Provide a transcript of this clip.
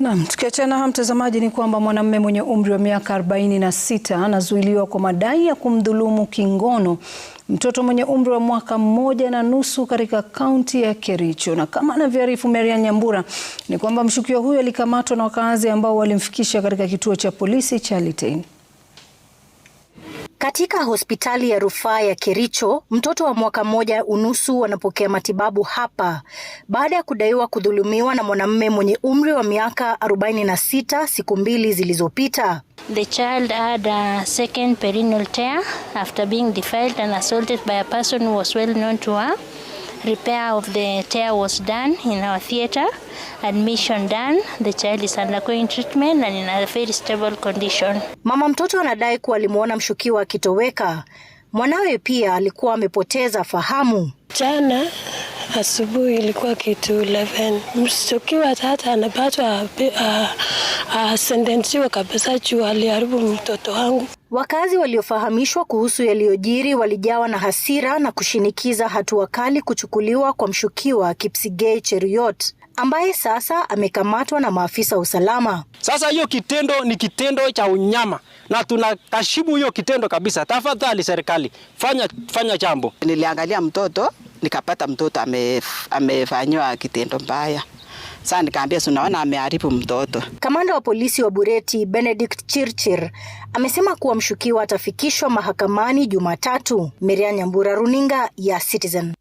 Naam, tukiachana na mtazamaji, ni kwamba mwanamume mwenye umri wa miaka 46 anazuiliwa kwa madai ya kumdhulumu kingono mtoto mwenye umri wa mwaka mmoja na nusu katika kaunti ya Kericho. Na kama anavyoarifu Maria Nyambura, ni kwamba mshukiwa huyo alikamatwa na wakaazi ambao walimfikisha katika kituo cha polisi cha Litein. Katika hospitali ya rufaa ya Kericho, mtoto wa mwaka mmoja unusu anapokea matibabu hapa baada ya kudaiwa kudhulumiwa na mwanamume mwenye umri wa miaka 46 siku mbili zilizopita. The child had a second perineal tear after being defiled and assaulted by a person who was well known to her. Repair of the tear was done in our theater. Admission done. The child is undergoing treatment and in a very stable condition. Mama mtoto anadai kuwa alimwona mshukiwa akitoweka. Mwanawe pia alikuwa amepoteza fahamu. Jana asubuhi ilikuwa kitu 11. Mshtukiwa tata anapatwa asendentiwa kabisa juu aliharibu mtoto wangu. Wakazi waliofahamishwa kuhusu yaliyojiri walijawa na hasira na kushinikiza hatua kali kuchukuliwa kwa mshukiwa Kipsigei Cheruiyot ambaye sasa amekamatwa na maafisa usalama. Sasa hiyo kitendo ni kitendo cha unyama na tunakashibu hiyo kitendo kabisa. Tafadhali serikali fanya, fanya jambo. Niliangalia mtoto nikapata mtoto amefanywa kitendo mbaya. Sasa nikaambia sunaona ameharibu mtoto. Kamanda wa polisi wa Bureti Benedict Chirchir amesema kuwa mshukiwa atafikishwa mahakamani Jumatatu. Miriam Nyambura, runinga ya Citizen.